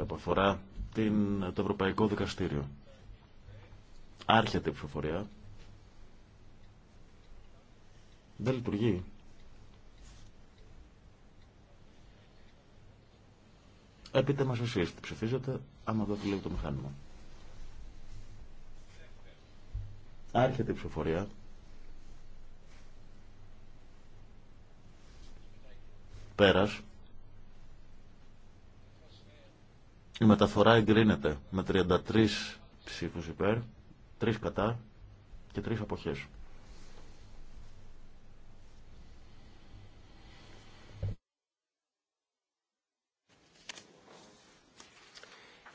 Αποφορά που αφορά την, το Ευρωπαϊκό Δικαστήριο. Άρχεται η ψηφοφορία. Δεν λειτουργεί. Επίτε μας εσείς τι ψηφίζετε, άμα δεν δουλεύει το μηχάνημα. Άρχεται η ψηφοφορία. Πέρας. Η μεταφορά εγκρίνεται με 33 ψήφους υπέρ, 3 κατά και 3 αποχές.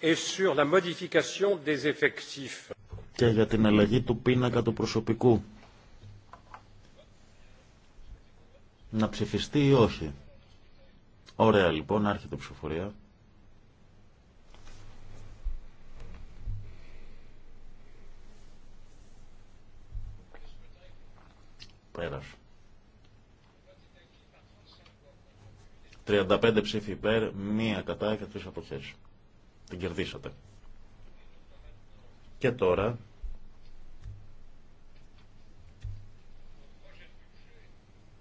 Et sur la modification Και για την αλλαγή του πίνακα του προσωπικού. Να ψηφιστεί ή όχι. Ωραία λοιπόν, άρχεται η ψηφοφορία. Πέρας. 35 ψήφοι υπέρ, μία κατά και τρεις αποχές. Την κερδίσατε. Και τώρα...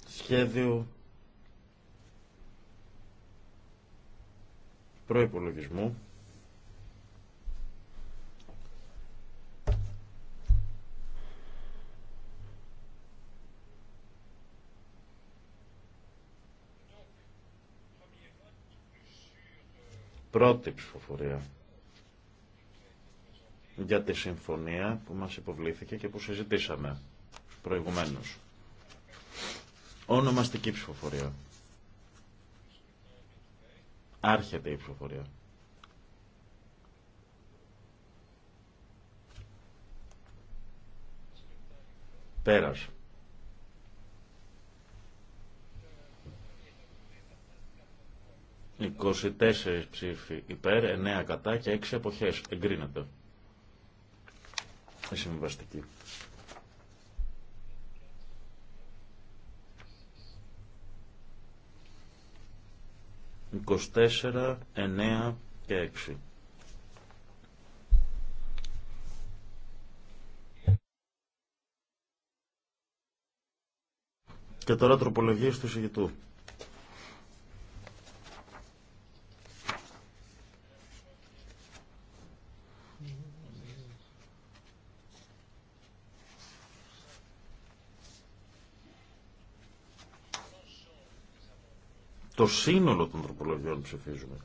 Σχέδιο προϋπολογισμού Πρώτη ψηφοφορία για τη συμφωνία που μας υποβλήθηκε και που συζητήσαμε προηγουμένως. Ονομαστική ψηφοφορία. Άρχεται η ψηφοφορία. Πέρασε. 24 ψήφοι υπέρ, 9 κατά και 6 εποχές. Εγκρίνεται. Η συμβαστική. «24, 9 και 6». Και τώρα τροπολογίες του συγητού. Το σύνολο των τροπολογιών ψηφίζουμε.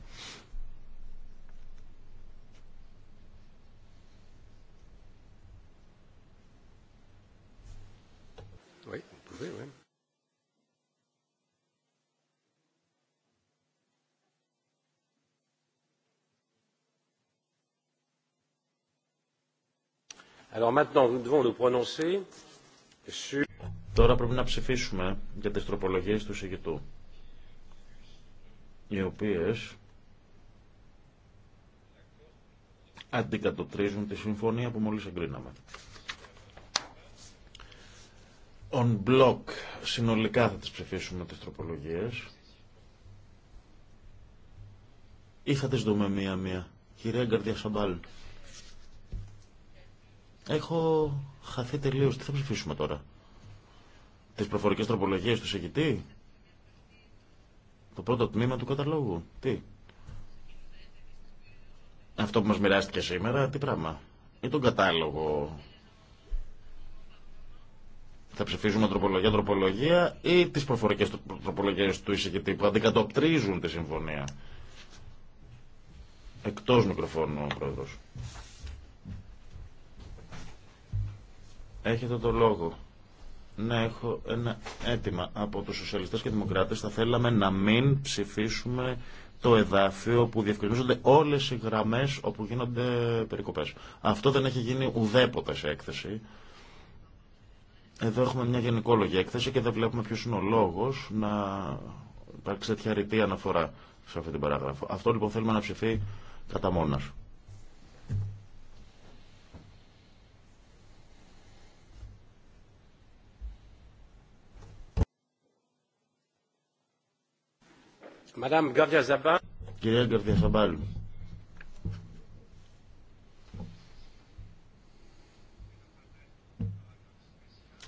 Alors Τώρα πρέπει να ψηφίσουμε για τις τροπολογίες του συγκεκριμένου οι οποίες αντικατοπτρίζουν τη συμφωνία που μόλις εγκρίναμε. On block συνολικά θα τις ψηφίσουμε τις τροπολογίες ή θα τις δούμε μία-μία. Κυρία Γκαρδία Σαμπάλ, έχω χαθεί τελείως. Τι θα ψηφίσουμε τώρα. Τις προφορικές τροπολογίες του συγκητή το πρώτο τμήμα του καταλόγου. Τι. Αυτό που μας μοιράστηκε σήμερα, τι πράγμα. Ή τον κατάλογο. Θα ψηφίζουμε τροπολογία τροπολογία ή τις προφορικές τροπολογίες του εισηγητή που αντικατοπτρίζουν τη συμφωνία. Εκτός μικροφώνου ο πρόεδρος. Έχετε το λόγο να έχω ένα αίτημα από τους σοσιαλιστές και δημοκράτες. Θα θέλαμε να μην ψηφίσουμε το εδάφιο που διευκρινίζονται όλες οι γραμμές όπου γίνονται περικοπές. Αυτό δεν έχει γίνει ουδέποτε σε έκθεση. Εδώ έχουμε μια γενικόλογη έκθεση και δεν βλέπουμε ποιος είναι ο λόγος να υπάρξει τέτοια ρητή αναφορά σε αυτή την παράγραφο. Αυτό λοιπόν θέλουμε να ψηφεί κατά μόνας. Κυρία Γκαρδιά Σαμπάλ.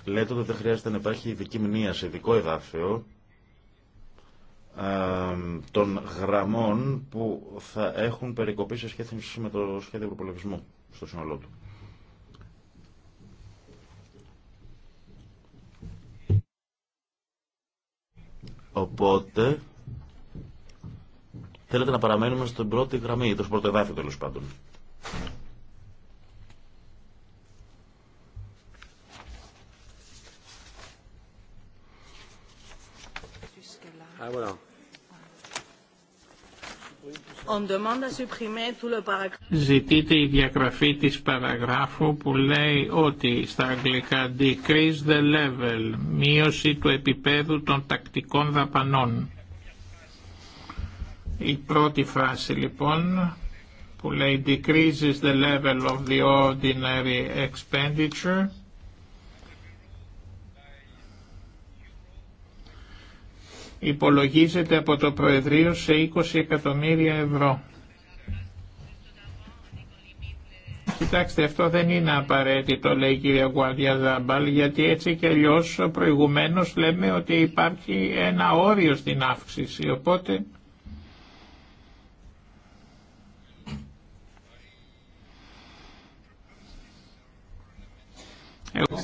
Λέτε ότι δεν χρειάζεται να υπάρχει ειδική μνήμα σε ειδικό εδάφιο των γραμμών που θα έχουν περικοπεί σε σχέση με το σχέδιο προπολογισμού στο σύνολό του. Οπότε Θέλετε να παραμένουμε στην πρώτη γραμμή ή το πρώτο εδάφιο τέλο πάντων. Ζητείτε η διαγραφή της παραγράφου που λέει ότι στα αγγλικά decrease the level, μείωση του επίπεδου των τακτικών δαπανών. Η πρώτη φράση λοιπόν που λέει decreases the level of the ordinary expenditure υπολογίζεται από το Προεδρείο σε 20 εκατομμύρια ευρώ. Κοιτάξτε, αυτό δεν είναι απαραίτητο, λέει η κυρία Γουάντια Ζάμπαλ, γιατί έτσι και αλλιώ προηγουμένως λέμε ότι υπάρχει ένα όριο στην αύξηση. Οπότε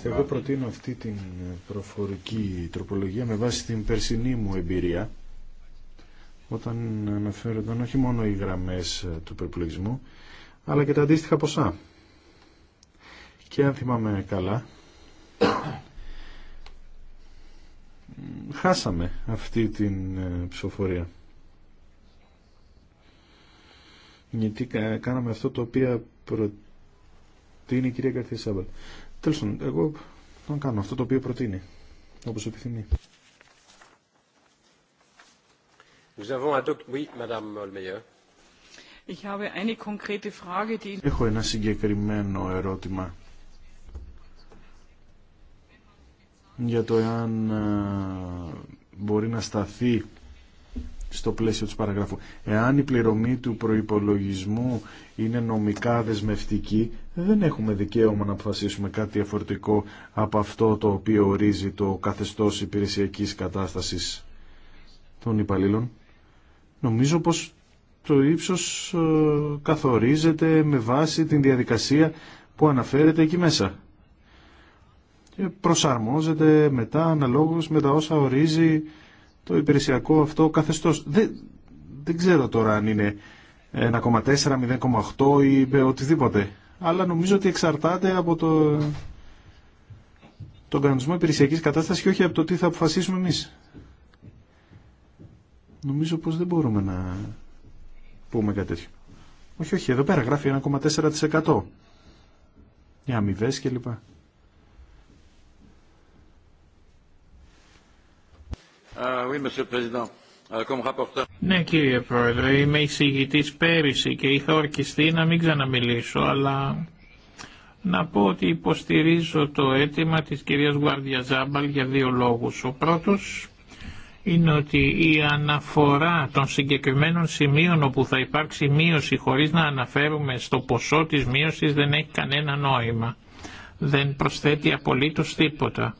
Εγώ προτείνω αυτή την προφορική τροπολογία με βάση την περσινή μου εμπειρία όταν αναφέρονταν όχι μόνο οι γραμμές του περιπλογισμού αλλά και τα αντίστοιχα ποσά. Και αν θυμάμαι καλά χάσαμε αυτή την ε, ψηφοφορία. Γιατί κάναμε αυτό το οποίο τι είναι η κυρία Γκαρθία Σάμπαλ. Τέλο εγώ θα κάνω αυτό το οποίο προτείνει, όπω επιθυμεί. Έχω ένα συγκεκριμένο ερώτημα για το εάν ε, μπορεί να σταθεί στο πλαίσιο της παραγράφου. Εάν η πληρωμή του προϋπολογισμού είναι νομικά δεσμευτική, δεν έχουμε δικαίωμα να αποφασίσουμε κάτι διαφορετικό από αυτό το οποίο ορίζει το καθεστώς υπηρεσιακής κατάστασης των υπαλλήλων. Νομίζω πως το ύψος ε, καθορίζεται με βάση την διαδικασία που αναφέρεται εκεί μέσα και προσαρμόζεται μετά αναλόγως με τα όσα ορίζει το υπηρεσιακό αυτό καθεστώς. Δεν, δεν ξέρω τώρα αν είναι 1,4, 0,8 ή οτιδήποτε. Αλλά νομίζω ότι εξαρτάται από το, τον κανονισμό υπηρεσιακή κατάσταση και όχι από το τι θα αποφασίσουμε εμείς. Νομίζω πως δεν μπορούμε να πούμε κάτι τέτοιο. Όχι, όχι, εδώ πέρα γράφει 1,4%. Για αμοιβέ κλπ. Euh, euh, ναι κύριε Πρόεδρε, είμαι εισηγητής πέρυσι και είχα ορκιστεί να μην ξαναμιλήσω, αλλά να πω ότι υποστηρίζω το αίτημα της κυρίας Γουάρδια Ζάμπαλ για δύο λόγους. Ο πρώτος είναι ότι η αναφορά των συγκεκριμένων σημείων όπου θα υπάρξει μείωση χωρίς να αναφέρουμε στο ποσό της μείωσης δεν έχει κανένα νόημα. Δεν προσθέτει απολύτως τίποτα.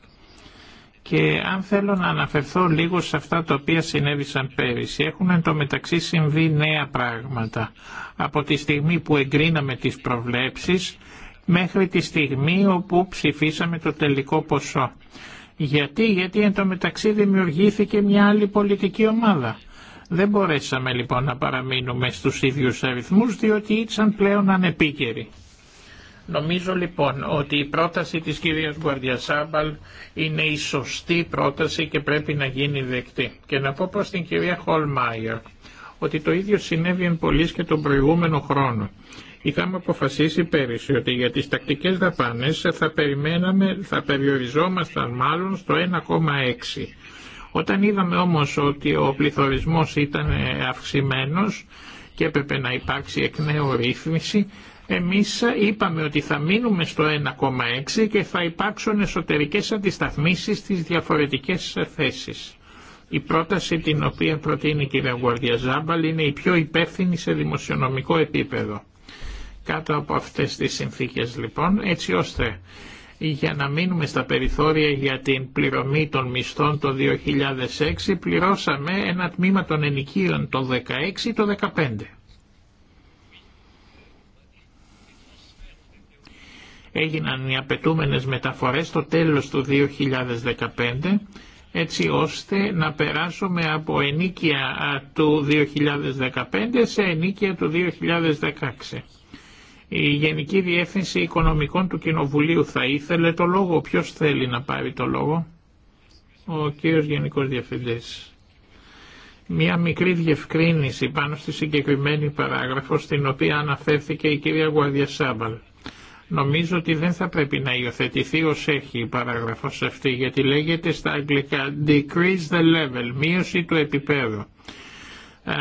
Και αν θέλω να αναφερθώ λίγο σε αυτά τα οποία συνέβησαν πέρυσι, έχουν εν τω μεταξύ συμβεί νέα πράγματα. Από τη στιγμή που εγκρίναμε τις προβλέψεις μέχρι τη στιγμή όπου ψηφίσαμε το τελικό ποσό. Γιατί, γιατί εν τω μεταξύ δημιουργήθηκε μια άλλη πολιτική ομάδα. Δεν μπορέσαμε λοιπόν να παραμείνουμε στους ίδιους αριθμούς διότι ήσαν πλέον ανεπίκαιροι. Νομίζω λοιπόν ότι η πρόταση της κυρίας Γκουαρδιασάμπαλ είναι η σωστή πρόταση και πρέπει να γίνει δεκτή. Και να πω προς την κυρία Χολμάιερ ότι το ίδιο συνέβη εν πολλής και τον προηγούμενο χρόνο. Είχαμε αποφασίσει πέρυσι ότι για τις τακτικές δαπάνες θα, περιμέναμε, θα περιοριζόμασταν μάλλον στο 1,6. Όταν είδαμε όμως ότι ο πληθωρισμός ήταν αυξημένος και έπρεπε να υπάρξει εκ νέου ρύθμιση, εμείς είπαμε ότι θα μείνουμε στο 1,6 και θα υπάρξουν εσωτερικές αντισταθμίσεις στις διαφορετικές θέσεις. Η πρόταση την οποία προτείνει η κυρία Ζάμπαλ είναι η πιο υπεύθυνη σε δημοσιονομικό επίπεδο. Κάτω από αυτές τις συνθήκες λοιπόν, έτσι ώστε για να μείνουμε στα περιθώρια για την πληρωμή των μισθών το 2006, πληρώσαμε ένα τμήμα των ενοικίων το 16 το 15. έγιναν οι απαιτούμενες μεταφορές στο τέλος του 2015 έτσι ώστε να περάσουμε από ενίκεια του 2015 σε ενίκεια του 2016. Η Γενική Διεύθυνση Οικονομικών του Κοινοβουλίου θα ήθελε το λόγο. Ποιος θέλει να πάρει το λόγο. Ο κύριος Γενικός Διευθυντής. Μία μικρή διευκρίνηση πάνω στη συγκεκριμένη παράγραφο στην οποία αναφέρθηκε η κυρία Γουαδιασάμπαλ. Νομίζω ότι δεν θα πρέπει να υιοθετηθεί ως έχει η παραγραφός αυτή γιατί λέγεται στα αγγλικά «decrease the level», μείωση του επίπεδου. Ε,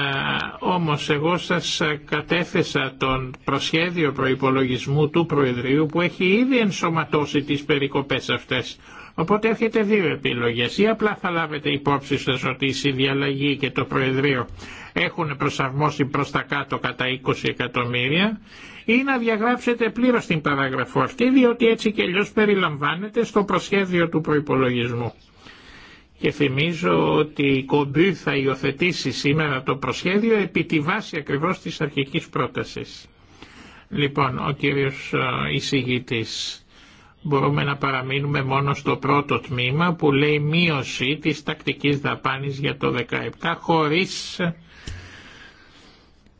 όμως εγώ σας κατέθεσα τον προσχέδιο προϋπολογισμού του Προεδρείου που έχει ήδη ενσωματώσει τις περικοπές αυτές. Οπότε έχετε δύο επιλογές. Ή απλά θα λάβετε υπόψη σας ότι η συνδιαλλαγή και το Προεδρείο έχουν προσαρμόσει προς τα κάτω κατά 20 εκατομμύρια ή να διαγράψετε πλήρως την παράγραφο αυτή διότι έτσι και αλλιώς περιλαμβάνεται στο προσχέδιο του προϋπολογισμού. Και θυμίζω ότι η Κομπή θα υιοθετήσει σήμερα το προσχέδιο επί τη βάση ακριβώς της αρχικής πρότασης. Λοιπόν, ο κύριος ε, εισηγητής μπορούμε να παραμείνουμε μόνο στο πρώτο τμήμα που λέει μείωση της τακτικής δαπάνης για το 17 χωρίς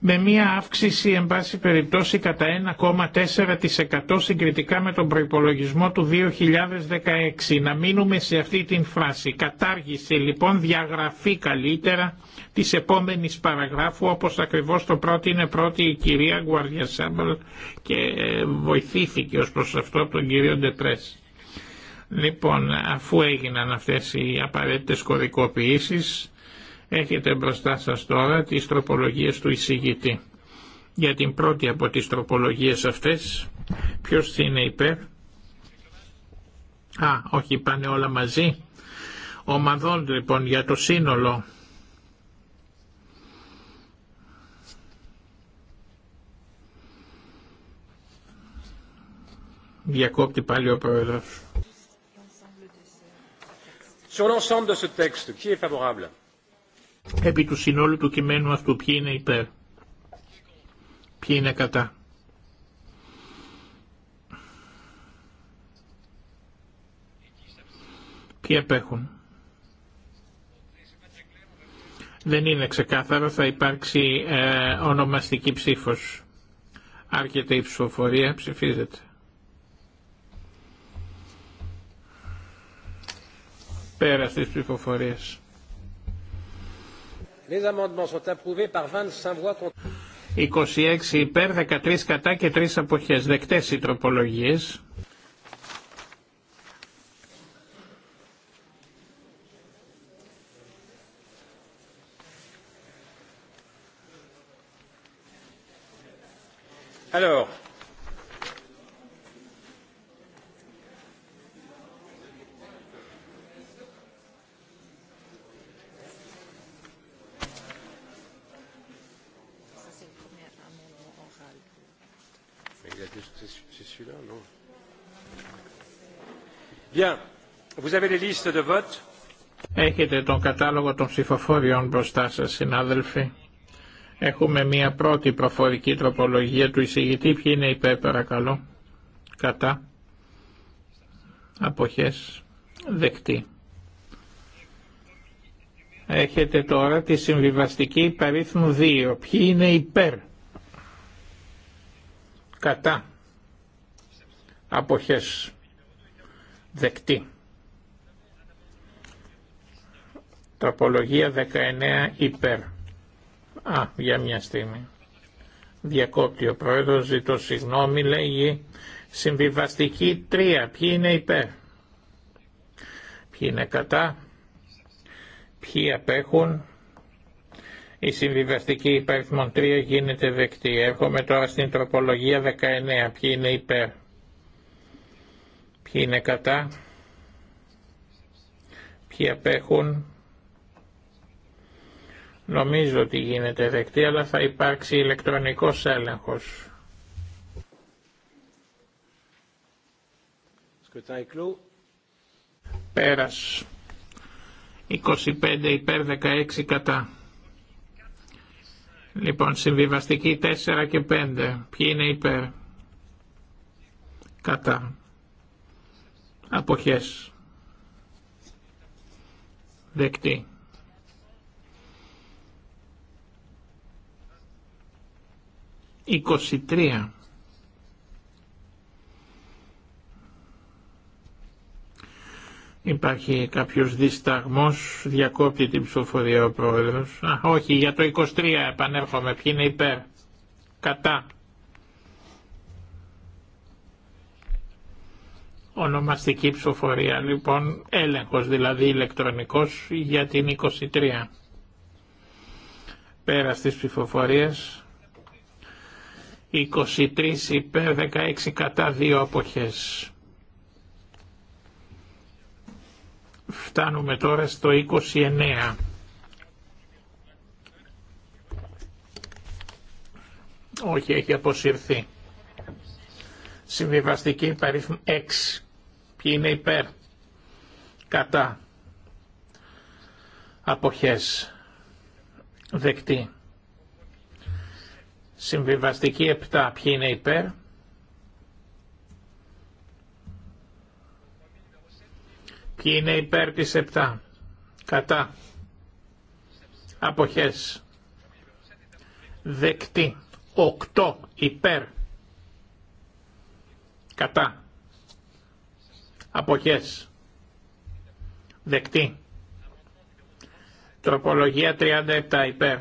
με μία αύξηση εν πάση περιπτώσει κατά 1,4% συγκριτικά με τον προϋπολογισμό του 2016. Να μείνουμε σε αυτή την φράση. Κατάργησε λοιπόν διαγραφή καλύτερα της επόμενης παραγράφου όπως ακριβώς το είναι πρώτη η κυρία Γκουαρδιά Σάμπελ και ε, βοηθήθηκε ως προς αυτό από τον κύριο Ντετρές. Λοιπόν, αφού έγιναν αυτές οι απαραίτητες κωδικοποιήσεις, Έχετε μπροστά σας τώρα τις τροπολογίες του εισηγητή. Για την πρώτη από τις τροπολογίες αυτές, ποιος είναι υπέρ. Α, όχι, πάνε όλα μαζί. Ομαδών λοιπόν για το σύνολο. Διακόπτει πάλι ο Πρόεδρος. Sur l'ensemble de ce texte, qui est favorable Επί του συνόλου του κειμένου αυτού ποιοι είναι υπέρ. Ποιοι είναι κατά. Ποιοι επέχουν. Δεν είναι ξεκάθαρο, θα υπάρξει ε, ονομαστική ψήφος. Άρχεται η ψηφοφορία, ψηφίζεται. Πέρα στις ψηφοφορίες. Les amendements sont approuvés par 25 voix contre. 26 υπέρ, 13 κατά και 3 αποχές. Δεκτές οι τροπολογίες. Alors, Έχετε τον κατάλογο των ψηφοφόριων μπροστά σας, συνάδελφοι. Έχουμε μία πρώτη προφορική τροπολογία του εισηγητή. Ποιοι είναι υπέρ, παρακαλώ. Κατά. Αποχές. Δεκτή. Έχετε τώρα τη συμβιβαστική υπαρίθμου 2. Ποιοι είναι υπέρ. Κατά. Αποχές δεκτή. Τροπολογία 19 υπέρ. Α, για μια στιγμή. Διακόπτει ο πρόεδρος, ζητώ συγγνώμη, λέγει συμβιβαστική 3. Ποιοι είναι υπέρ. Ποιοι είναι κατά. Ποιοι απέχουν. Η συμβιβαστική υπέρ 3 γίνεται δεκτή. Έρχομαι τώρα στην τροπολογία 19. Ποιοι είναι υπέρ. Ποιοι είναι κατά. Ποιοι απέχουν. Νομίζω ότι γίνεται δεκτή, αλλά θα υπάρξει ηλεκτρονικός έλεγχος. Πέρας. 25 υπέρ 16 κατά. Λοιπόν, συμβιβαστική 4 και 5. Ποιοι είναι υπέρ. Κατά. Αποχές. Δεκτή. 23. Υπάρχει κάποιος δισταγμός, διακόπτει την ψηφοφορία ο πρόεδρος. Α, όχι, για το 23 επανέρχομαι. Ποιοι είναι υπέρ. Κατά. Ονομαστική ψηφοφορία λοιπόν, έλεγχος δηλαδή ηλεκτρονικός για την 23. Πέρα στις ψηφοφορίες, 23 υπέρ 16 κατά 2 αποχές. Φτάνουμε τώρα στο 29. Όχι, έχει αποσυρθεί. Συμβιβαστική υπαριθμ 6 και είναι υπέρ. Κατά. Αποχές. Δεκτή. Συμβιβαστική 7. Ποιοι είναι υπέρ. Ποιοι είναι υπέρ της 7. Κατά. Αποχές. Δεκτή. 8. Υπέρ. Κατά. Αποχές. Δεκτή. Τροπολογία 37 υπέρ.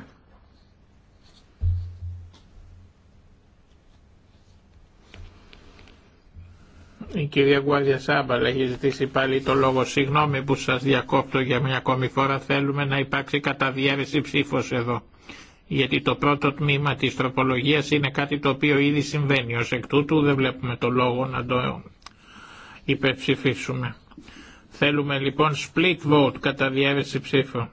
Η κυρία Γκουάδια Σάμπαλ έχει ζητήσει πάλι το λόγο. Συγγνώμη που σας διακόπτω για μια ακόμη φορά. Θέλουμε να υπάρξει καταδιέρεση ψήφος εδώ. Γιατί το πρώτο τμήμα της τροπολογίας είναι κάτι το οποίο ήδη συμβαίνει. Ως εκ τούτου δεν βλέπουμε το λόγο να το υπερψηφίσουμε. Θέλουμε λοιπόν split vote κατά διαίρεση ψήφου.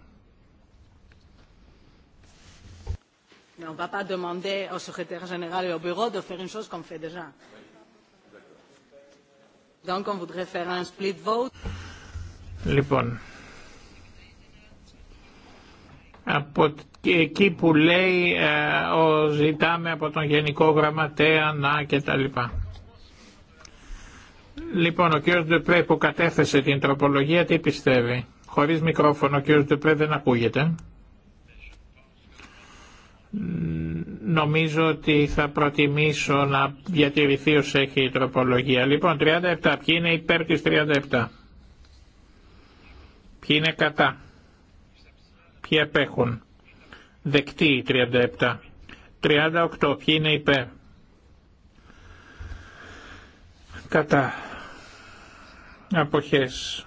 Mais on ne va pas demander au secrétaire général et au bureau de faire une chose qu'on fait déjà. Donc on voudrait faire un split vote. Λοιπόν, από εκεί που λέει ε, ο, ζητάμε από τον Γενικό Γραμματέα να και τα λοιπά. Λοιπόν, ο κ. Ντεπρέ που κατέθεσε την τροπολογία τι πιστεύει. Χωρίς μικρόφωνο ο κ. Ντεπρέ δεν ακούγεται. Νομίζω ότι θα προτιμήσω να διατηρηθεί ως έχει η τροπολογία. Λοιπόν, 37. Ποιοι είναι υπέρ της 37. Ποιοι είναι κατά. Ποιοι απέχουν. Δεκτή η 37. 38. Ποιοι είναι υπέρ. Κατά. Αποχές.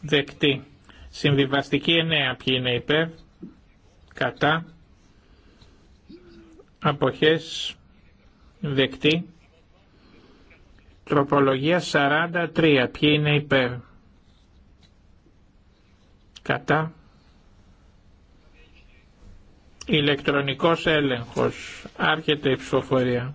Δεκτή. Συμβιβαστική 9. Ποιοι είναι υπέρ. Κατά. Αποχές. Δεκτή. Τροπολογία 43. Ποιοι είναι υπέρ. Κατά. Ηλεκτρονικός έλεγχος. Άρχεται η ψηφοφορία.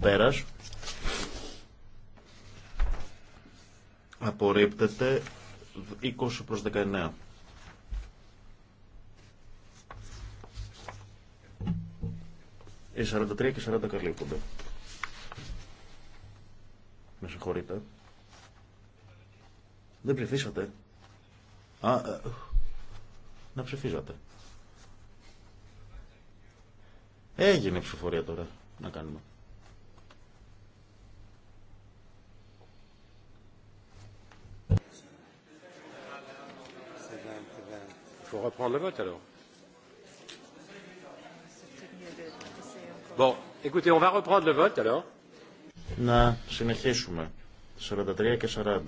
Πέρας. Απορρίπτεται 20 προς 19. Οι 43 και 40 καλύπτονται. Με συγχωρείτε. Δεν ψηφίσατε. Α, ε, να ψηφίζατε. Έγινε η ψηφοφορία τώρα να κάνουμε. Να συνεχίσουμε. 43 και 40.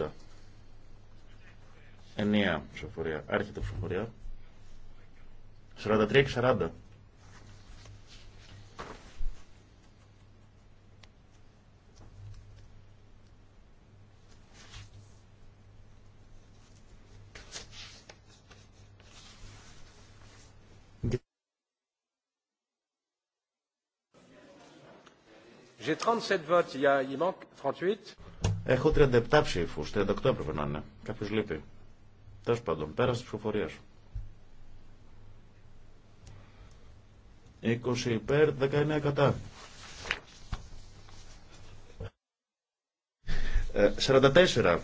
Ενία ψηφοφορία. Άρχεται ψηφοφορία. 43 και 40. 37 votes, 38. Έχω 37 ψήφου. 38 έπρεπε να είναι. Κάποιο λείπει. Τέλο πάντων, πέρασε τη ψηφοφορία. 20 υπέρ, 19 κατά. 44 ε,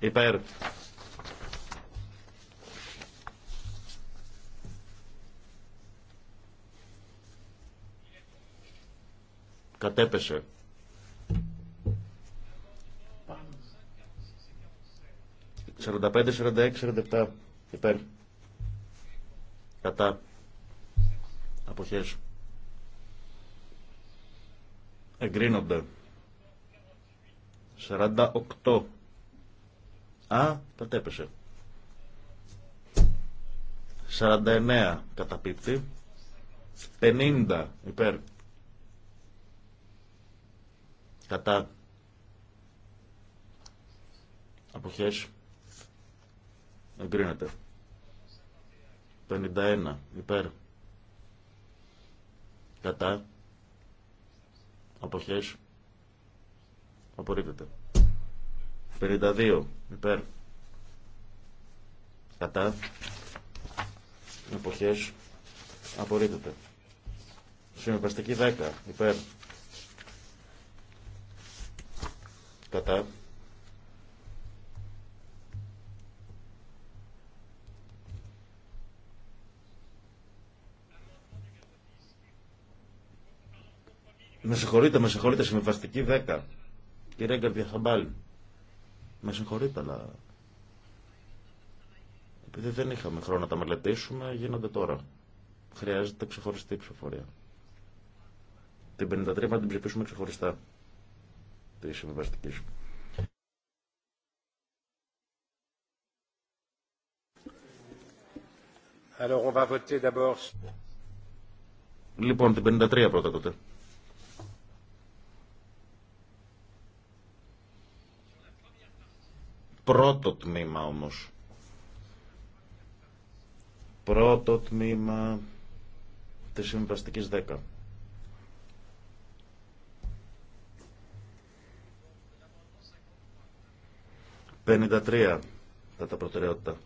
υπέρ κατέπεσε. 45, 46, 47, υπέρ. Κατά. Αποχές. Εγκρίνονται. 48. Α, κατέπεσε. 49 καταπίπτει. 50 υπέρ. Κατά. Αποχές. Εγκρίνεται. 51. Υπέρ. Κατά. Αποχές. Απορρίπτεται. 52. Υπέρ. Κατά. Αποχές. Απορρίπτεται. Συμβαστική 10. Υπέρ. Κατά. Με συγχωρείτε, με συγχωρείτε, συμβιβαστική 10. Γκαρδία Καρδιαθαμπάλ. Με συγχωρείτε, αλλά. Επειδή δεν είχαμε χρόνο να τα μελετήσουμε, γίνονται τώρα. Χρειάζεται ξεχωριστή ψηφοφορία. Την 53 να την ψηφίσουμε ξεχωριστά της συμβαστικής. λοιπόν, την 53 πρώτα τότε. Πρώτο τμήμα όμως. Πρώτο τμήμα της συμβαστικής 10. 53 κατά προτεραιότητα.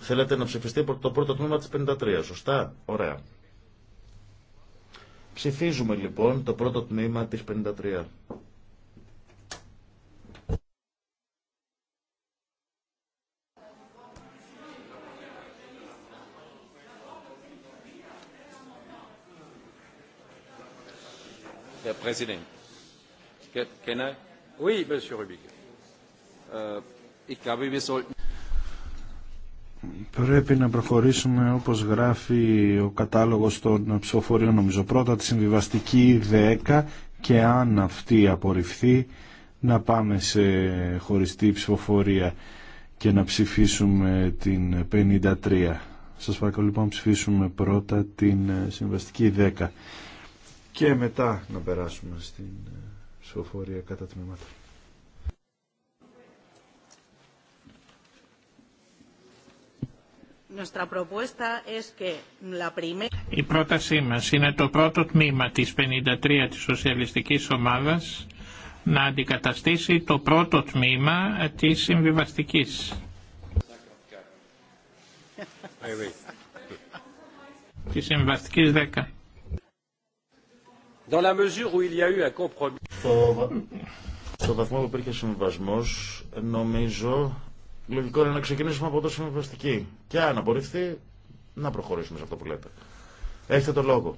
Θέλετε να ψηφιστεί το πρώτο τμήμα της 53, σωστά. Ωραία. Ψηφίζουμε λοιπόν το πρώτο τμήμα της 53. Herr Uh, Πρέπει να προχωρήσουμε όπως γράφει ο κατάλογος των ψηφοφορίων νομίζω πρώτα τη συμβιβαστική 10 και αν αυτή απορριφθεί να πάμε σε χωριστή ψηφοφορία και να ψηφίσουμε την 53. Σας παρακαλώ λοιπόν ψηφίσουμε πρώτα την συμβαστική 10 και μετά να περάσουμε στην ε, σοφορία κατά τμήματα. Η πρότασή μας είναι το πρώτο τμήμα της 53 της Σοσιαλιστικής Ομάδας να αντικαταστήσει το πρώτο τμήμα της συμβιβαστικής. Της συμβιβαστικής 10. Dans Στο... βαθμό που υπήρχε συμβασμό, νομίζω λογικό είναι να ξεκινήσουμε από το συμβαστική. Και αν απορριφθεί, να προχωρήσουμε σε αυτό που λέτε. Έχετε το λόγο.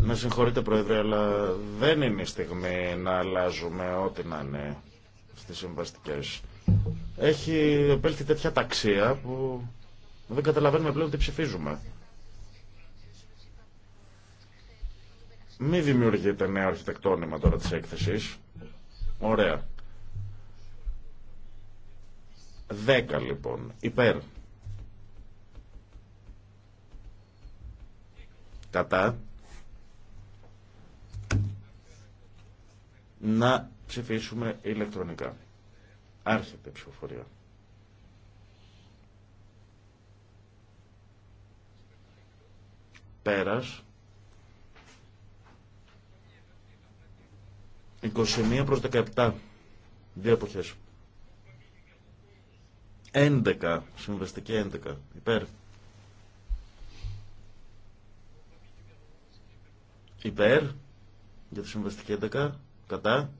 Με συγχωρείτε Πρόεδρε, αλλά δεν είναι η στιγμή να αλλάζουμε ό,τι να είναι στι συμβαστικέ. Έχει επέλθει τέτοια ταξία που δεν καταλαβαίνουμε πλέον τι ψηφίζουμε. Μη δημιουργείται νέο αρχιτεκτόνημα τώρα της έκθεσης. Ωραία. Δέκα λοιπόν. Υπέρ. Κατά. Να ψηφίσουμε ηλεκτρονικά. Άρχεται η ψηφοφορία. Πέρας. 21 προς 17. Δύο εποχές. 11. Συμβαστική 11. Υπέρ. Υπέρ. Για τη συμβαστική 11. Κατά.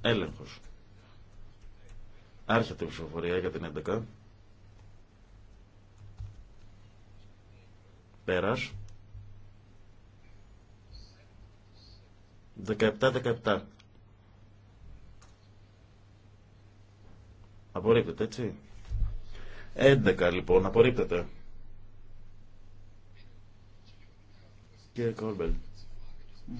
Έλεγχος. Άρχεται η ψηφοφορία για την 11. Πέρας. 17-17. Απορρίπτεται, έτσι. 11 λοιπόν, απορρίπτεται. Κύριε Κόρμπελ.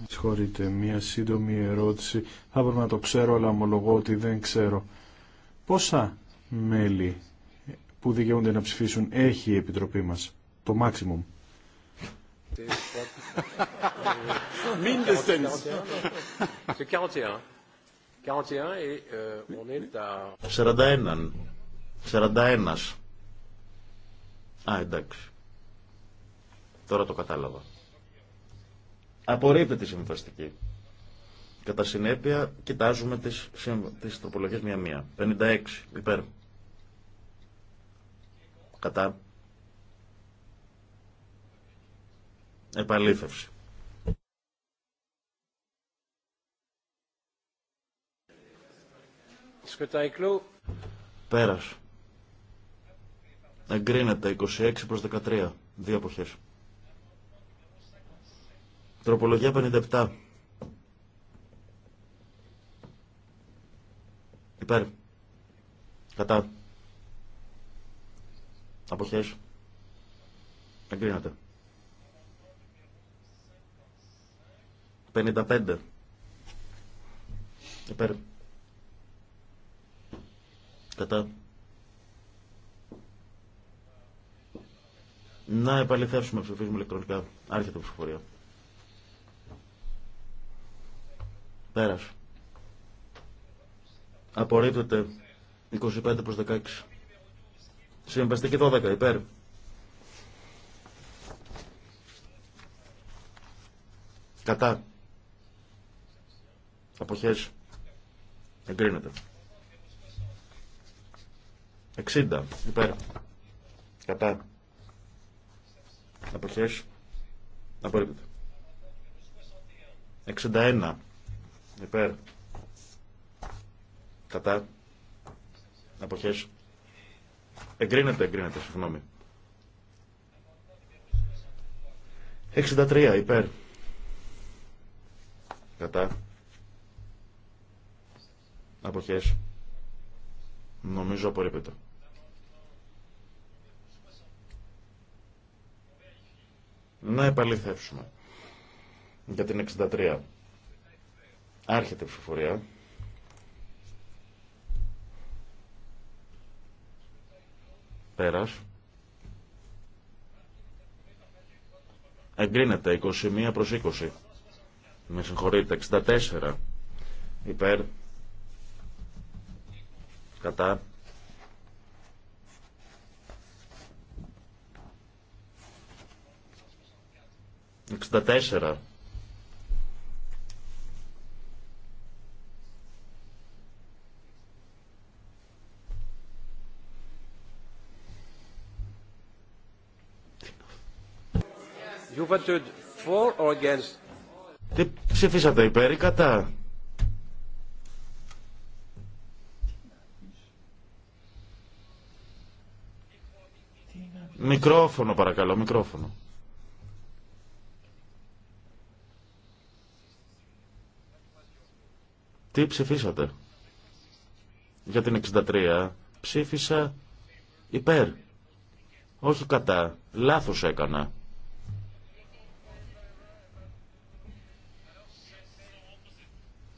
Συγχωρείτε, μία σύντομη ερώτηση. Θα έπρεπε να το ξέρω, αλλά ομολογώ ότι δεν ξέρω. Πόσα μέλη που δικαιούνται να ψηφίσουν έχει η Επιτροπή μας, το maximum. Mindestens. C'est 41. 41 et euh, on 41. 41. Α, εντάξει. Τώρα το κατάλαβα. Απορρίπτε τη συμβαστική. Κατά συνέπεια, κοιτάζουμε τις, τις τροπολογίες μία-μία. 56, υπέρ. Κατά. Επαλήθευση. Πέρας. Εγκρίνεται 26 προς 13. Δύο εποχές. Τροπολογία 57. Υπέρ. Κατά. Αποχές. Εγκρίνεται. 55. Υπέρ. Κατά. Να επαληθεύσουμε, ψηφίζουμε ηλεκτρονικά. Άρχεται η ψηφοφορία. Πέρας. Απορρίπτεται 25 προς 16. Συμβαστική 12, υπέρ. Κατά. Αποχές. Εγκρίνεται. 60 υπέρ. Κατά. Αποχές. Απορρίπτεται. 61 υπέρ. Κατά. Αποχές. Εγκρίνεται, εγκρίνεται, συγγνώμη. 63 υπέρ. Κατά. Αποχές. Νομίζω απορρίπτεται. Να επαληθεύσουμε. Για την 63. Άρχεται η ψηφοφορία. Πέρας. Εγκρίνεται 21 προς 20. Με συγχωρείτε. 64. Υπέρ. Κατά. 64. You Τι ψηφίσατε υπέρ ή κατά. Μικρόφωνο παρακαλώ, μικρόφωνο. Τι ψηφίσατε. Για την 63 ψήφισα υπέρ. Όχι κατά. Λάθος έκανα.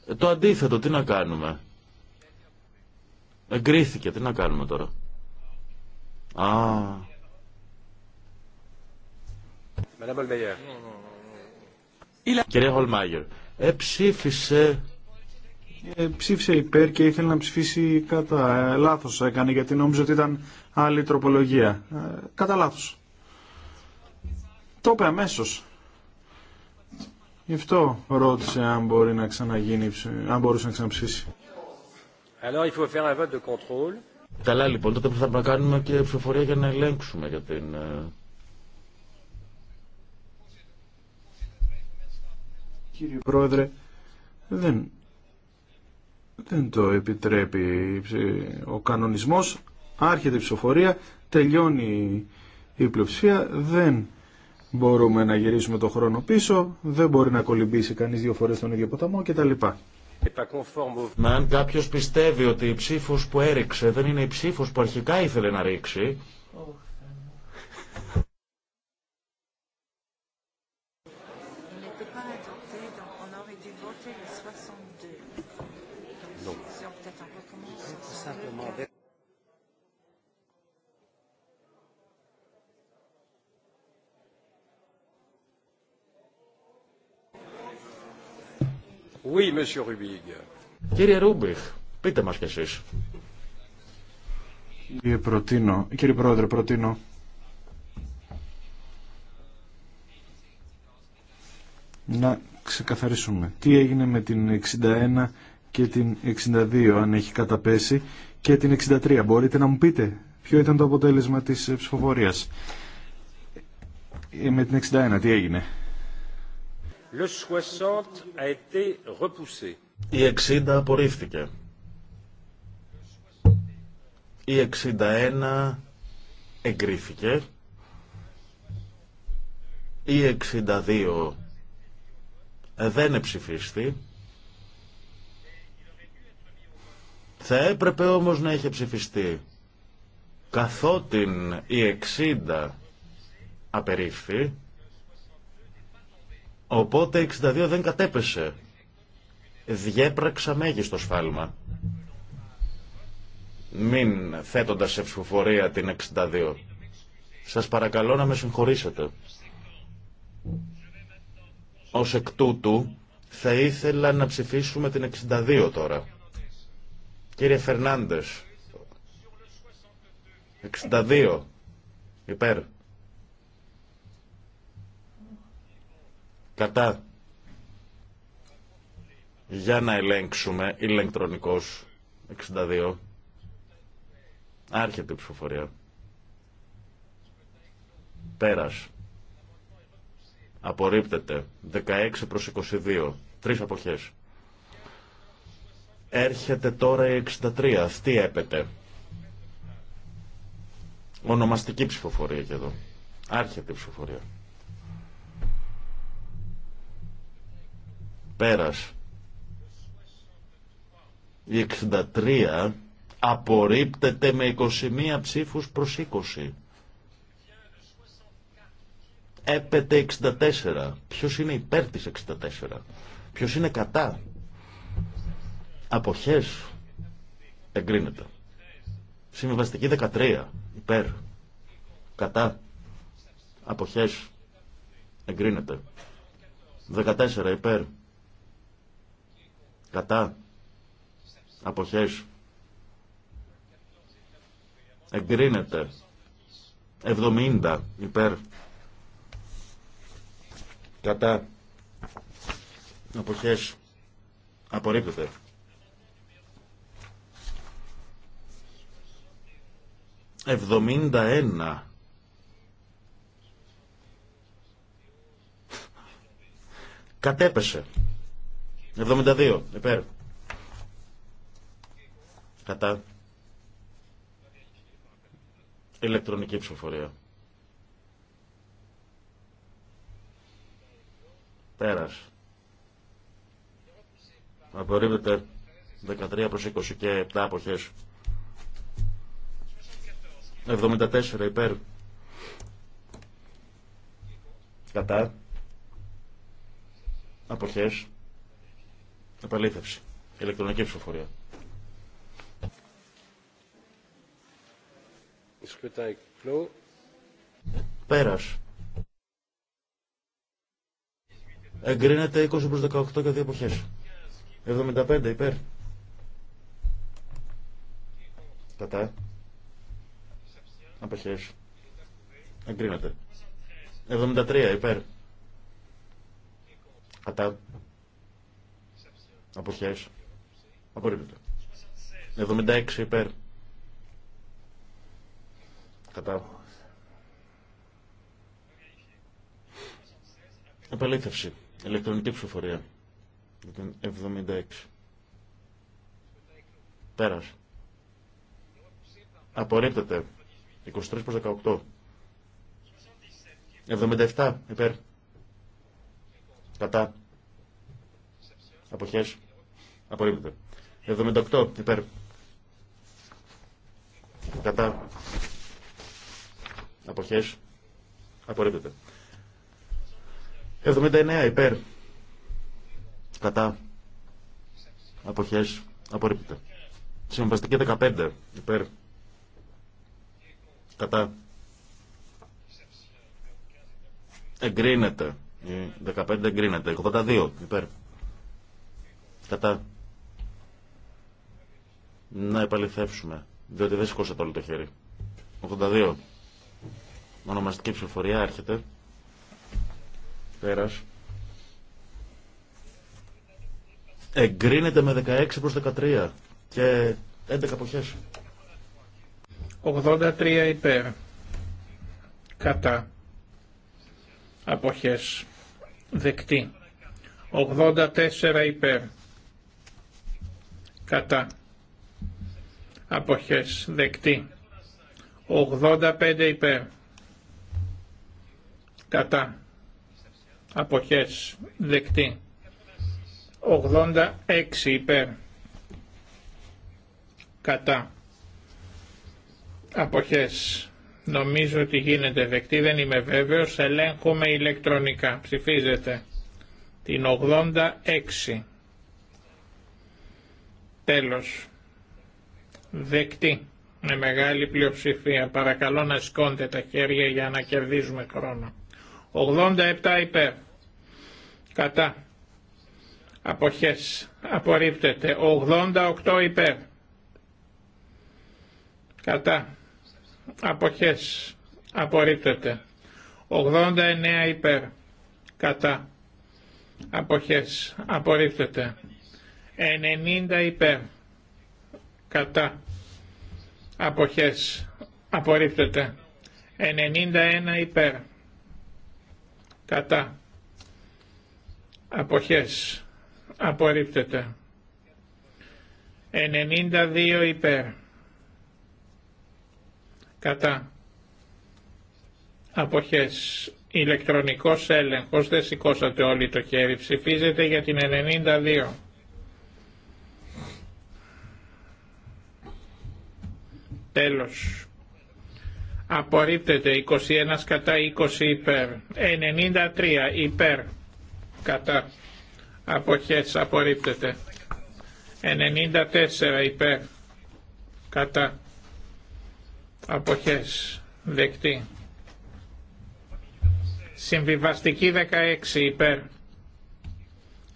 Ε, το αντίθετο, τι να κάνουμε. Εγκρίθηκε, τι να κάνουμε τώρα. Α. Κυρία Χολμάγερ, εψήφισε ε, ψήφισε υπέρ και ήθελε να ψηφίσει κατά. Ε, λάθος έκανε γιατί νόμιζε ότι ήταν άλλη τροπολογία. Ε, κατά λάθος. Το είπε αμέσω. Γι' αυτό ρώτησε αν, μπορεί να ξαναγίνει, αν μπορούσε να ξαναψήσει. Alors, il faut faire un Καλά λοιπόν, τότε θα πρέπει να κάνουμε και ψηφοφορία για να ελέγξουμε για την... Κύριε Πρόεδρε, δεν δεν το επιτρέπει ο κανονισμός, άρχεται η ψηφοφορία, τελειώνει η πλειοψηφία, δεν μπορούμε να γυρίσουμε το χρόνο πίσω, δεν μπορεί να κολυμπήσει κανείς δύο φορές τον ίδιο ποταμό κτλ. αν κάποιος πιστεύει ότι η ψήφος που έριξε δεν είναι η ψήφος που αρχικά ήθελε να ρίξει, Κύριε Ρούμπιχ, πείτε μας κι εσείς. Κύριε, προτείνω, κύριε Πρόεδρε, προτείνω να ξεκαθαρίσουμε τι έγινε με την 61 και την 62 αν έχει καταπέσει και την 63. Μπορείτε να μου πείτε ποιο ήταν το αποτέλεσμα της ψηφοφορίας. Ε, με την 61 τι έγινε. Le 60 a été repoussé. Η 60 απορρίφθηκε. Η 61 εγκρίθηκε. Η 62 δεν ψηφίστη. Θα έπρεπε όμως να είχε ψηφιστεί. Καθότι η 60 απερίφθη, Οπότε 62 δεν κατέπεσε. Διέπραξα μέγιστο σφάλμα. Μην θέτοντας σε ψηφοφορία την 62. Σας παρακαλώ να με συγχωρήσετε. Ως εκ τούτου θα ήθελα να ψηφίσουμε την 62 τώρα. Κύριε Φερνάντες, 62, υπέρ. Κατά. Για να ελέγξουμε ηλεκτρονικός 62. Άρχεται η ψηφοφορία. Πέρας. Απορρίπτεται. 16 προς 22. Τρεις αποχές. Έρχεται τώρα η 63. Αυτή έπεται. Ονομαστική ψηφοφορία και εδώ. Άρχεται η ψηφοφορία. Πέρας. Η 63 απορρίπτεται με 21 ψήφους προς 20. Έπεται 64. Ποιος είναι υπέρ της 64. Ποιος είναι κατά. Αποχές. Εγκρίνεται. Συμβιβαστική 13. Υπέρ. Κατά. Αποχές. Εγκρίνεται. 14. Υπέρ. Κατά. Αποχές. Εγκρίνεται. 70 υπέρ. Κατά. Αποχές. Απορρίπτεται. 71. Κατέπεσε. 72 υπέρ. Κατά. Ηλεκτρονική ψηφοφορία. Πέρας. Απορρίπτεται 13 προς 20 και 7 αποχές. 74 υπέρ. Κατά. Αποχές. Επαλήθευση. Ηλεκτρονική ψηφοφορία. Πέρας. Εγκρίνεται 20 προς 18 και δύο εποχές. 75 υπέρ. Κατά. Αποχές. Εγκρίνεται. 73 υπέρ. Κατά. Αποχές. Απορρίπτεται. 76 υπέρ. Κατά. Επαλήθευση. Ηλεκτρονική ψηφοφορία. 76. Πέρας. Απορρίπτεται. 23 προς 18. 77 υπέρ. Κατά. Αποχές. Απορρίπτεται. 78. Υπέρ. Κατά. Αποχές. Απορρίπτεται. 79. Υπέρ. Κατά. Αποχές. Απορρίπτεται. Συμβαστική 15. Υπέρ. Κατά. Εγκρίνεται. 15 εγκρίνεται. 82. Υπέρ. Κατά. Να επαληθεύσουμε. Διότι δεν σηκώσατε όλο το χέρι. 82. Ονομαστική ψηφοφορία έρχεται. Πέρας. Εγκρίνεται με 16 προς 13 και 11 αποχές. 83 υπέρ. Κατά. Αποχές. Δεκτή. 84 υπέρ κατά αποχές δεκτή 85 υπέρ κατά αποχές δεκτή 86 υπέρ κατά αποχές νομίζω ότι γίνεται δεκτή δεν είμαι βέβαιος ελέγχουμε ηλεκτρονικά ψηφίζεται την 86 Τέλος. Δεκτή. Με μεγάλη πλειοψηφία. Παρακαλώ να σηκώνετε τα χέρια για να κερδίζουμε χρόνο. 87 υπέρ. Κατά. Αποχές. Απορρίπτεται. 88 υπέρ. Κατά. Αποχές. Απορρίπτεται. 89 υπέρ. Κατά. Αποχές. Απορρίπτεται. 90 υπέρ. Κατά. Αποχές. Απορρίπτεται. 91 υπέρ. Κατά. Αποχές. Απορρίπτεται. 92 υπέρ. Κατά. Αποχές. Ηλεκτρονικός έλεγχος. Δεν σηκώσατε όλοι το χέρι. Ψηφίζετε για την 92. Τέλος. Απορρίπτεται 21 κατά 20 υπέρ. 93 υπέρ. Κατά. Αποχές απορρίπτεται. 94 υπέρ. Κατά. Αποχές. Δεκτή. Συμβιβαστική 16 υπέρ.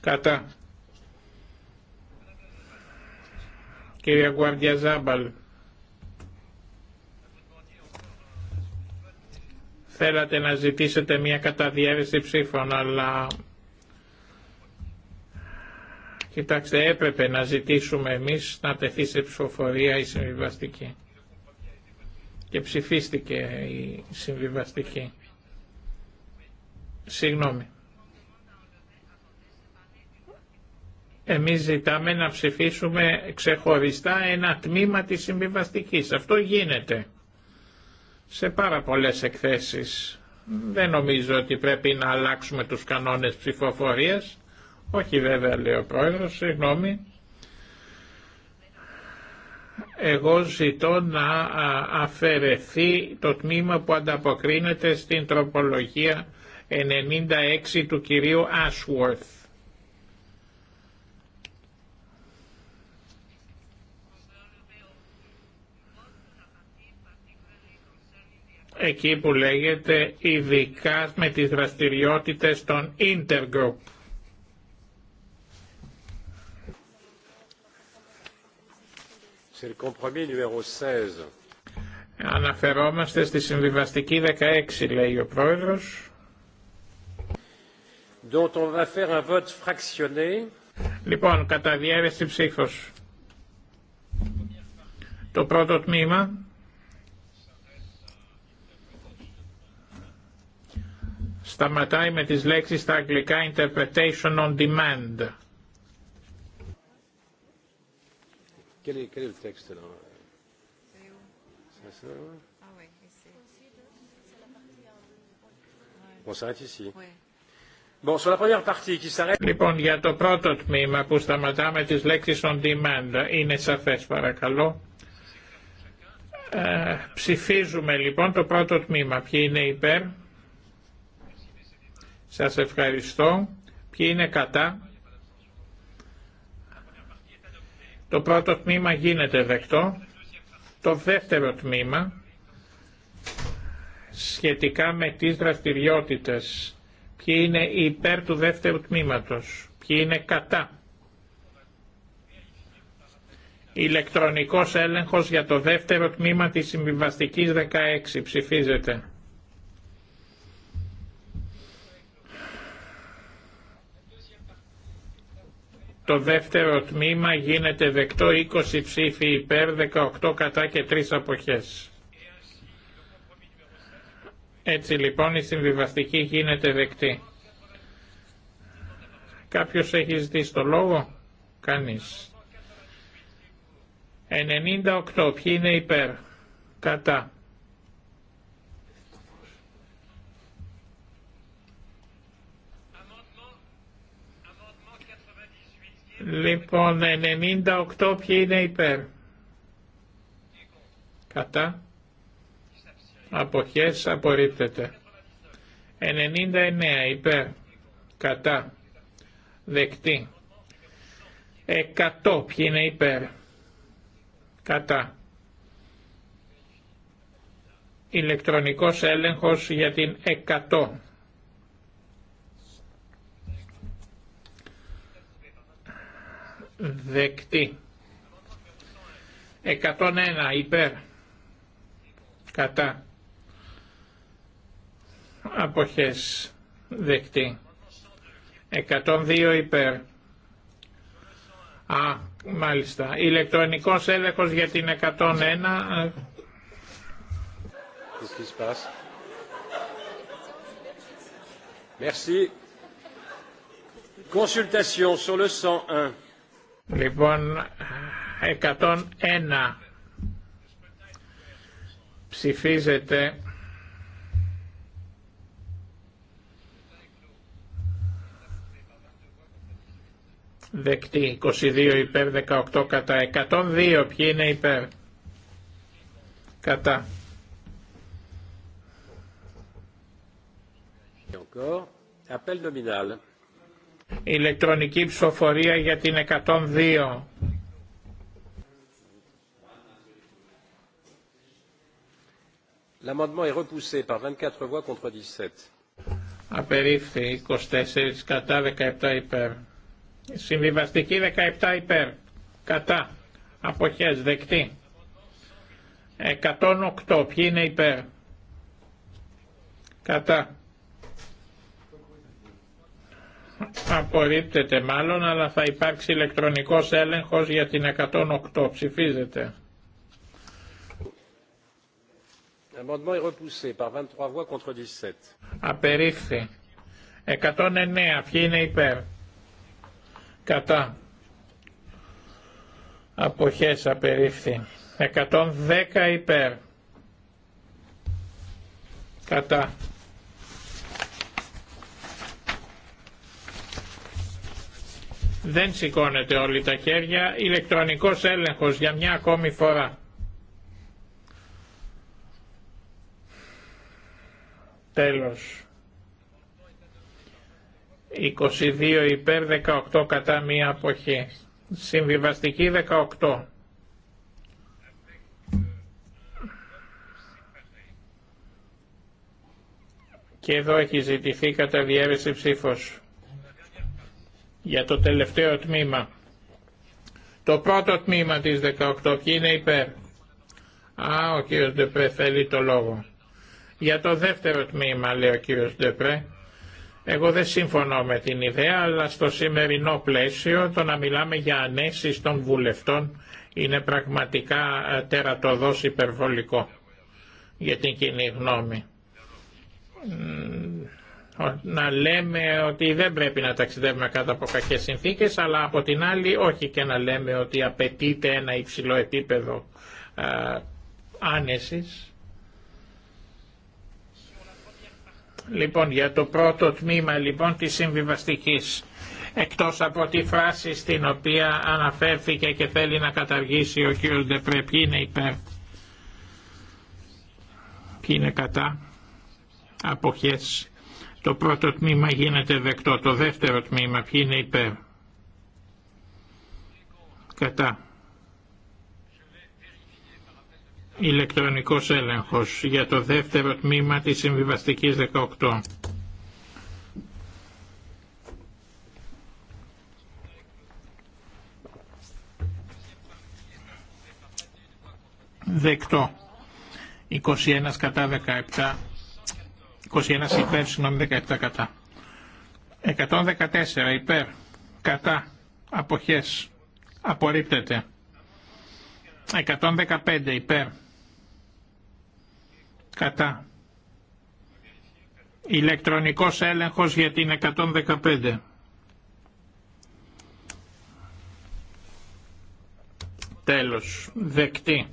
Κατά. Κύριε Γκουαρντια Ζάμπαλ. Θέλατε να ζητήσετε μια καταδιέρεση ψήφων, αλλά Κοιτάξτε, έπρεπε να ζητήσουμε εμείς να τεθεί σε ψηφοφορία η συμβιβαστική. Και ψηφίστηκε η συμβιβαστική. Συγγνώμη. Εμείς ζητάμε να ψηφίσουμε ξεχωριστά ένα τμήμα της συμβιβαστικής. Αυτό γίνεται σε πάρα πολλές εκθέσεις. Δεν νομίζω ότι πρέπει να αλλάξουμε τους κανόνες ψηφοφορίας. Όχι βέβαια λέει ο πρόεδρος, συγγνώμη. Εγώ ζητώ να αφαιρεθεί το τμήμα που ανταποκρίνεται στην τροπολογία 96 του κυρίου Ashworth. εκεί που λέγεται ειδικά με τις δραστηριότητες των Intergroup. Αναφερόμαστε στη συμβιβαστική 16, λέει ο πρόεδρος. Dont on va faire un vote fractionné. Λοιπόν, κατά διέρεση ψήφος. Το πρώτο τμήμα. Σταματάει με τις λέξεις στα αγγλικά interpretation on demand. Λοιπόν, για το πρώτο τμήμα που σταματάμε τις λέξεις on demand, είναι σαφές παρακαλώ. Ε, ψηφίζουμε λοιπόν το πρώτο τμήμα. Ποιοι είναι υπέρ, σας ευχαριστώ. Ποιοι είναι κατά. Το πρώτο τμήμα γίνεται δεκτό. Το δεύτερο τμήμα σχετικά με τις δραστηριότητες. Ποιοι είναι υπέρ του δεύτερου τμήματος. Ποιοι είναι κατά. Ηλεκτρονικός έλεγχος για το δεύτερο τμήμα της συμβιβαστικής 16 ψηφίζεται. Το δεύτερο τμήμα γίνεται δεκτό 20 ψήφοι υπέρ, 18 κατά και 3 αποχές. Έτσι λοιπόν η συμβιβαστική γίνεται δεκτή. Κάποιος έχει ζητήσει το λόγο. Κανείς. 98. Ποιοι είναι υπέρ. Κατά. Λοιπόν, 98 ποιοι είναι υπέρ. Κατά. Αποχές απορρίπτεται. 99 υπέρ. Κατά. Δεκτή. 100 ποιοι είναι υπέρ. Κατά. Ηλεκτρονικός έλεγχος για την 100. δεκτή. 101 υπέρ κατά αποχές δεκτή. 102 υπέρ. Α, μάλιστα. Ηλεκτρονικός έλεγχος για την 101. Qu'est-ce Merci. Consultation sur le 101. Λοιπόν, 101 ψηφίζεται δεκτή 22 υπέρ 18 κατά 102 ποιοι είναι υπέρ κατά Appel nominal. Ηλεκτρονική ψηφοφορία για την 102. L'amendement est repoussé par 24 voix contre 17. Απερίφθη 24 κατά 17 υπέρ. Συμβιβαστική 17 υπέρ. Κατά. Αποχές δεκτή. 108. Ποιοι είναι υπέρ. Κατά. Απορρίπτεται μάλλον, αλλά θα υπάρξει ηλεκτρονικός έλεγχος για την 108. Ψηφίζεται. Απερίφθη. 109. Ποιοι είναι υπέρ. Κατά. Αποχές απερίφθη. 110 υπέρ. Κατά. Δεν σηκώνεται όλοι τα χέρια. Ηλεκτρονικός έλεγχος για μια ακόμη φορά. Τέλος. 22 υπέρ 18 κατά μία αποχή. Συμβιβαστική 18. Και εδώ έχει ζητηθεί κατά διέρεση ψήφος για το τελευταίο τμήμα. Το πρώτο τμήμα της 18 και είναι υπέρ. Α, ο κύριος Ντεπρέ θέλει το λόγο. Για το δεύτερο τμήμα, λέει ο κύριος Ντεπρέ, εγώ δεν συμφωνώ με την ιδέα, αλλά στο σημερινό πλαίσιο το να μιλάμε για ανέσεις των βουλευτών είναι πραγματικά ε, τερατοδός υπερβολικό για την κοινή γνώμη να λέμε ότι δεν πρέπει να ταξιδεύουμε κάτω από κακές συνθήκες, αλλά από την άλλη όχι και να λέμε ότι απαιτείται ένα υψηλό επίπεδο άνεση. άνεσης. Λοιπόν, για το πρώτο τμήμα λοιπόν της συμβιβαστικής, εκτός από τη φράση στην οποία αναφέρθηκε και θέλει να καταργήσει ο κ. Ντεπρέ, ποιοι είναι υπέρ, ποιοι είναι κατά, αποχές, το πρώτο τμήμα γίνεται δεκτό. Το δεύτερο τμήμα ποιοι είναι υπέρ. Κατά. Ηλεκτρονικός έλεγχος για το δεύτερο τμήμα της συμβιβαστικής 18. Δεκτό. 21 κατά 17 21 υπέρ, συγγνώμη 17 κατά. 114 υπέρ, κατά, αποχές, απορρίπτεται. 115 υπέρ, κατά. Ηλεκτρονικός έλεγχος για την 115. Τέλος. Δεκτή.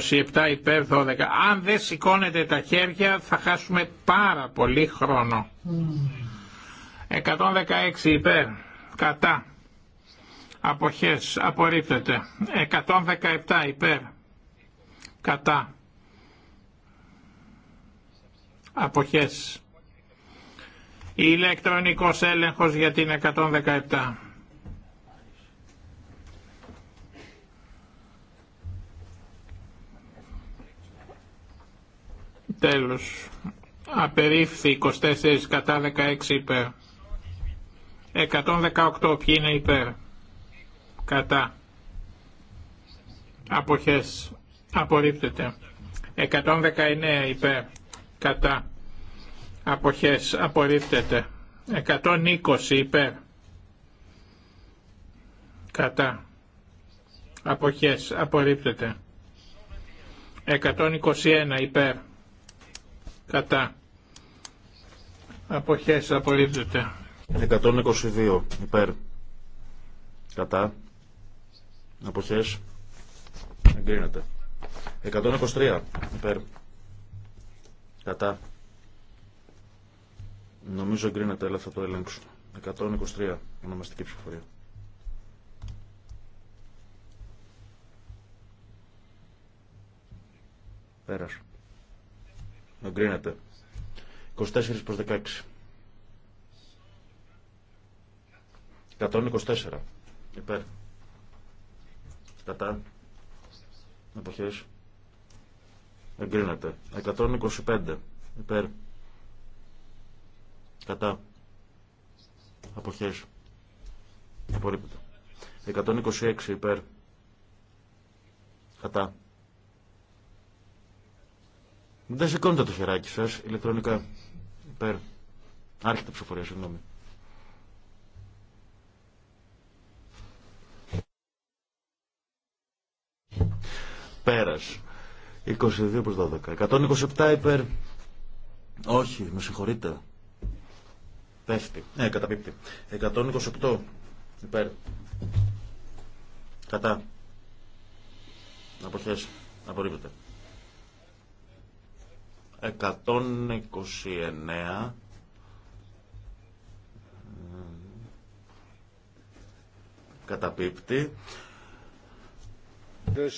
27 υπέρ 12. Αν δεν σηκώνετε τα χέρια θα χάσουμε πάρα πολύ χρόνο. 116 υπέρ. Κατά. Αποχές. Απορρίπτεται. 117 υπέρ. Κατά. Αποχές. Ηλεκτρονικός έλεγχος για την 117. Τέλος. Απερίφθη 24 κατά 16 υπέρ. 118 ποιοι είναι υπέρ. Κατά. Αποχές. Απορρίπτεται. 119 υπέρ. Κατά. Αποχές. Απορρίπτεται. 120 υπέρ. Κατά. Αποχές. Απορρίπτεται. 121 υπέρ Κατά. Αποχές απορρίπτεται. 122 υπέρ. Κατά. Αποχές. Εγκρίνεται. 123 υπέρ. Κατά. Νομίζω εγκρίνεται, αλλά θα το ελέγξω. 123 ονομαστική ψηφοφορία. Πέρασε. Εγκρίνεται. 24 προς 16. 124. Υπέρ. Κατά. Εποχές. Εγκρίνεται. 125. Υπέρ. Κατά. Αποχές. Απορρίπτω. 126 υπέρ. Κατά. Δεν σηκώνετε το χεράκι σα. ηλεκτρονικά. Υπέρ. Άρχεται η ψηφοφορία, συγγνώμη. Πέρας. 22 προς 12. 127 υπέρ. Όχι, με συγχωρείτε. Πέφτει. Ε, καταπίπτει. 128 υπέρ. Κατά. Αποχές. Απορρίπτεται. 129 καταπίπτει 230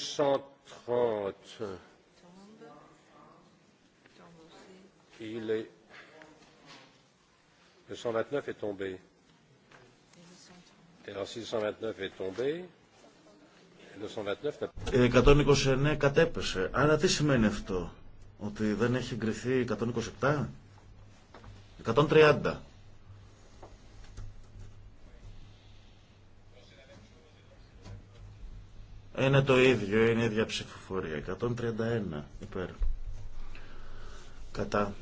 il est 229 est tombé et alors si 229 est tombé 129 ε, κατέπεσε. Άρα τι σημαίνει αυτό. Ότι δεν έχει εγκριθεί 127. 130. Είναι το ίδιο, είναι η ίδια ψηφοφορία. 131 υπέρ. Κατά.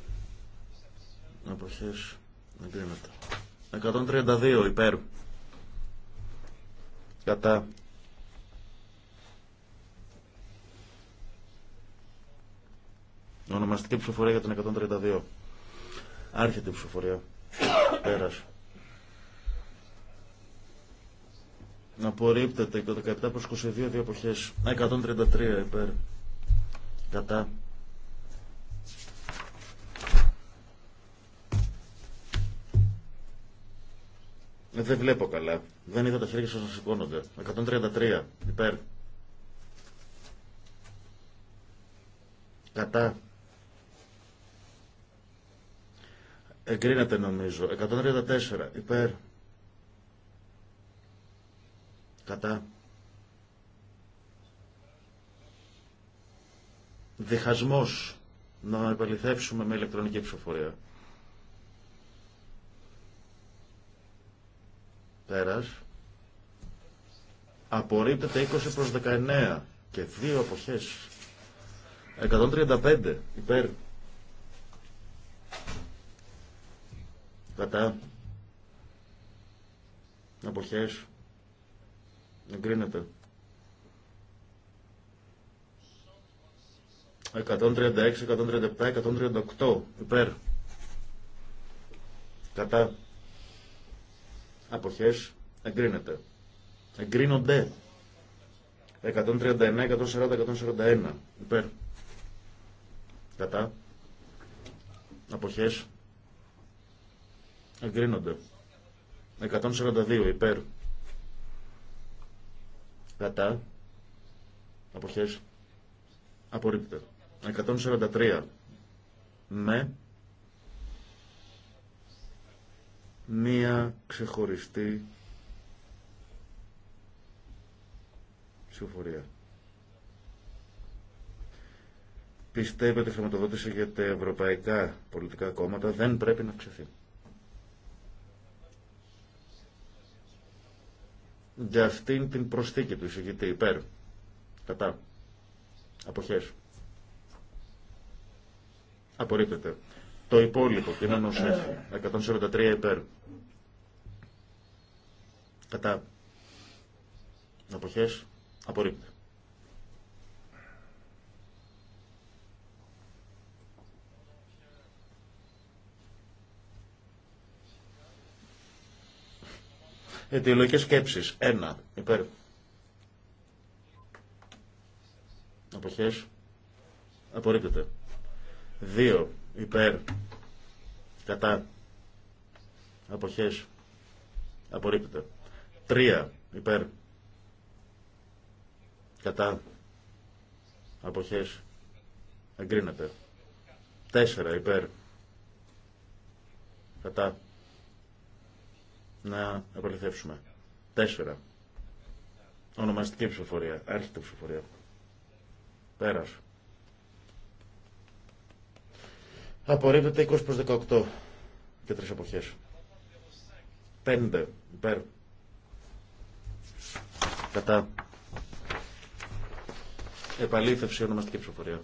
Αποχές. Εγκρίνεται. 132 υπέρ. Κατά. Ονομαστική ψηφοφορία για τον 132. Άρχεται η ψηφοφορία. Να Απορρίπτεται το 17 προς 22 δύο εποχές. 133 υπέρ. Κατά. Ε, δεν βλέπω καλά. Δεν είδα τα χέρια σας να σηκώνονται. 133 υπέρ. Κατά. Εγκρίνεται νομίζω. 134 υπέρ. Κατά. Διχασμός. Να επαληθεύσουμε με ηλεκτρονική ψηφοφορία. Πέρας. Απορρίπτεται 20 προς 19 και δύο αποχές. 135 υπέρ. κατά αποχές εγκρίνεται 136, 137, 138 υπέρ κατά αποχές εγκρίνεται εγκρίνονται 139, 140, 141 υπέρ κατά αποχές Εγκρίνονται. 142 υπέρ. Κατά. Αποχές. Απορρίπτεται. 143 με μία ξεχωριστή ψηφοφορία. Πιστεύετε η χρηματοδότηση για τα ευρωπαϊκά πολιτικά κόμματα δεν πρέπει να αυξηθεί. για αυτήν την προσθήκη του εισηγητή υπέρ. Κατά. Αποχές. Απορρίπτεται. Το υπόλοιπο κείμενο ως ε, 143 ε. υπέρ. Κατά. Αποχές. Απορρίπτεται. Αιτιολογικέ σκέψει. 1. Υπέρ. Αποχέ. Απορρίπτεται. 2. Υπέρ. Κατά. Αποχέ. Απορρίπτεται. 3. Υπέρ. Κατά. Αποχέ. Εγκρίνεται. 4. Υπέρ. Κατά να επαληθεύσουμε. Τέσσερα. Ονομαστική ψηφοφορία. Άρχιτε ψηφοφορία. Πέρας. Απορρίπτεται 20 προς 18 και τρεις εποχές. Πέντε. Υπέρ. Κατά. Επαλήθευση ονομαστική ψηφοφορία.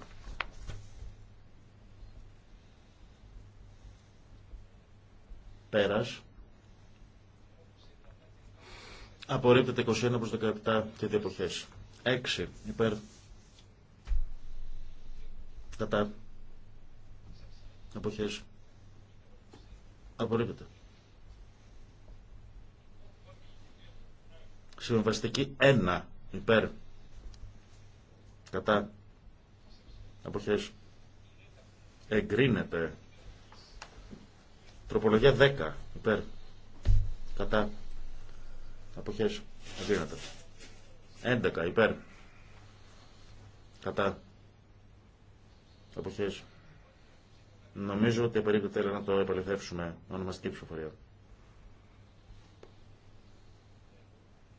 Πέρας. Απορρίπτεται 21 προς 17 και δύο εποχές. 6 υπέρ. Κατά. Εποχές. Απορρίπτεται. Συμβαστική 1 υπέρ. Κατά. Εποχές. Εγκρίνεται. Τροπολογία 10 υπέρ. Κατά. Αποχές. Εγκρίνεται. 11 υπέρ. Κατά. Αποχές. Νομίζω ότι απερίπτωται να το επαληθεύσουμε με ονομαστική ψηφοφορία.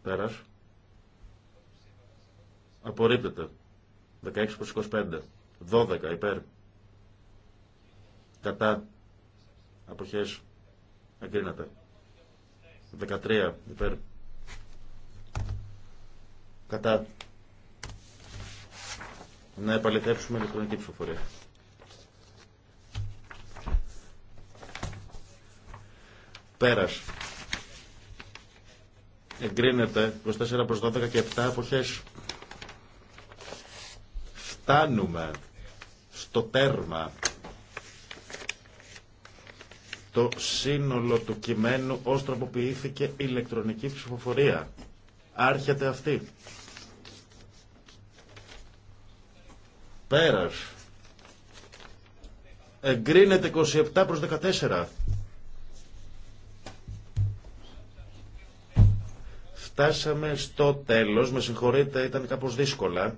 Πέρας. Απορρίπτεται. 16 προς 25. 12 υπέρ. Κατά. Αποχές. Εγκρίνεται. 13 υπέρ. Κατά. Να επαληθεύσουμε ηλεκτρονική ψηφοφορία. Πέρας. Εγκρίνεται 24 προς 12 και 7 αποχές. Φτάνουμε στο τέρμα. Το σύνολο του κειμένου ως τροποποιήθηκε ηλεκτρονική ψηφοφορία. Άρχεται αυτή. Πέρας. Εγκρίνεται 27 προς 14. Φτάσαμε στο τέλος. Με συγχωρείτε, ήταν κάπως δύσκολα.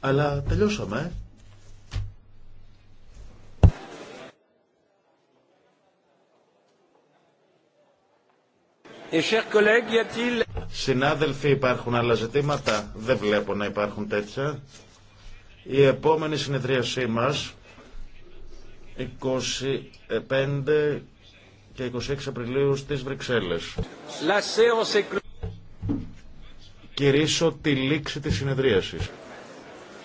Αλλά τελειώσαμε. Συνάδελφοι, υπάρχουν άλλα ζητήματα. Δεν βλέπω να υπάρχουν τέτοια. Η επόμενη συνεδρίασή μας, 25 και 26 Απριλίου στις Βρυξέλλες. Κυρίσω τη λήξη της συνεδρίασης.